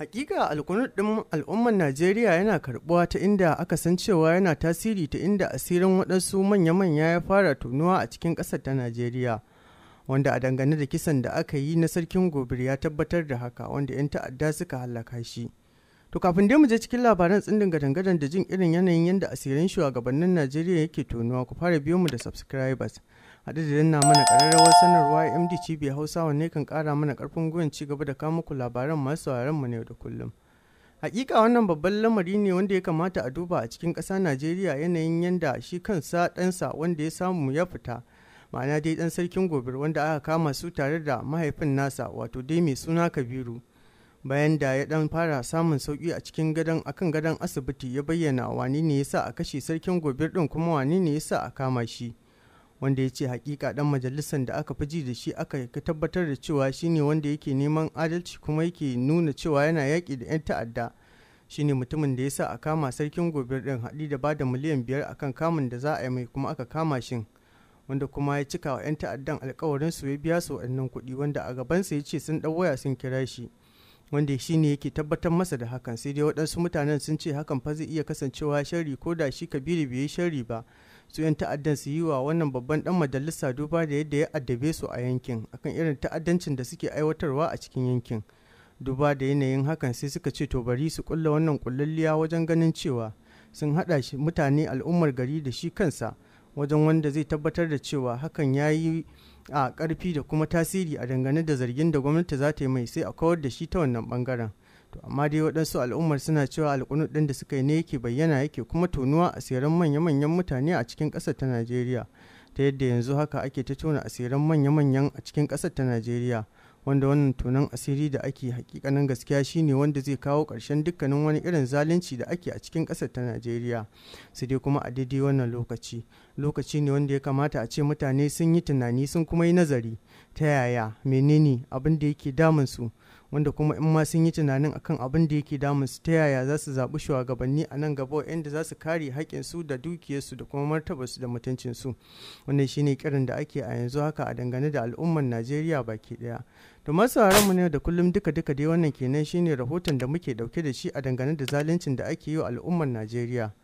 Hakika alkunut ɗin al'ummar Najeriya yana karbuwa ta inda aka san cewa yana tasiri ta inda asirin waɗansu manya-manya ya fara tunuwa a cikin ƙasar ta Najeriya. Wanda a dangane da kisan da aka yi na sarkin gobir ya tabbatar da haka wanda 'yan ta'adda suka hallaka shi. To kafin dai mu je cikin labaran tsindin gadangadan da jin irin yanayin yadda asirin shugabannin Najeriya yake tunuwa, ku fara biyo mu da subscribers. haɗu da danna mana ƙararrawar sanarwa md cibiyar hausa wanne kan ƙara mana karfin gwiwar ci gaba da kawo muku labaran masu sauraron mu ne da kullum hakika wannan babban lamari ne wanda ya kamata a duba a cikin ƙasa najeriya yanayin yanda shi kan sa ɗansa wanda ya samu ya fita ma'ana dai ɗan sarkin gobir wanda aka kama su tare da mahaifin nasa wato dai mai suna kabiru bayan da ya dan fara samun sauki a cikin gadon akan gadon asibiti ya bayyana wani ne yasa a kashe sarkin gobir din kuma wani ne yasa a kama shi wanda ya ce hakika dan majalisar da aka fi ji da shi aka tabbatar da cewa shine wanda yake neman adalci kuma yake nuna cewa yana yaƙi da 'yan ta'adda shine mutumin da ya sa a kama sarkin gobe din haɗi da bada miliyan biyar akan kamun da za a yi mai kuma aka kama shin wanda kuma ya cika wa 'yan ta'addan alkawarin su ya biya su waɗannan kuɗi wanda a gabansa ya ce sun ɗan waya sun kira shi wanda shi ne yake tabbatar masa da hakan sai dai waɗansu mutanen sun ce hakan fa zai iya kasancewa shari ko da shi kabiru bai yi shari ba su yan ta'addan su yi wa wannan babban dan majalisa duba da yadda ya addabe su a yankin akan irin ta'addancin da suke aiwatarwa a cikin yankin duba da yanayin hakan sai suka ce to bari su kulla wannan kullalliya wajen ganin cewa sun haɗa mutane al'ummar gari da shi kansa wajen wanda zai tabbatar da cewa hakan ya yi a ƙarfi da kuma tasiri a dangane da zargin da gwamnati za ta yi mai sai a kawar da shi ta wannan bangaren to amma dai waɗansu al'ummar suna cewa alƙunut ɗin da suka yi ne yake bayyana yake kuma tonuwa a asirin manya-manyan mutane a cikin ƙasar ta najeriya ta yadda yanzu haka ake ta tona asirin manya-manyan a cikin ƙasar ta najeriya wanda wannan tunan asiri da ake hakikanin gaskiya shine wanda zai kawo ƙarshen dukkanin wani irin zalunci da ake a cikin ƙasar ta najeriya su dai kuma a daidai wannan lokaci lokaci ne wanda ya kamata a ce mutane sun yi tunani sun kuma yi nazari ta yaya menene abin da yake damun su wanda kuma in ma sun yi tunanin akan abin da yake damun su ta yaya za su zaɓi shugabanni a nan gaba inda za su kare su da dukiyarsu da kuma su da mutuncin su wannan shine kirin da ake a yanzu haka a dangane da al'ummar najeriya baki ɗaya to masu mu ne da kullum duka duka dai wannan kenan shine rahoton da muke dauke da shi a dangane da zaluncin da ake yi wa al'ummar najeriya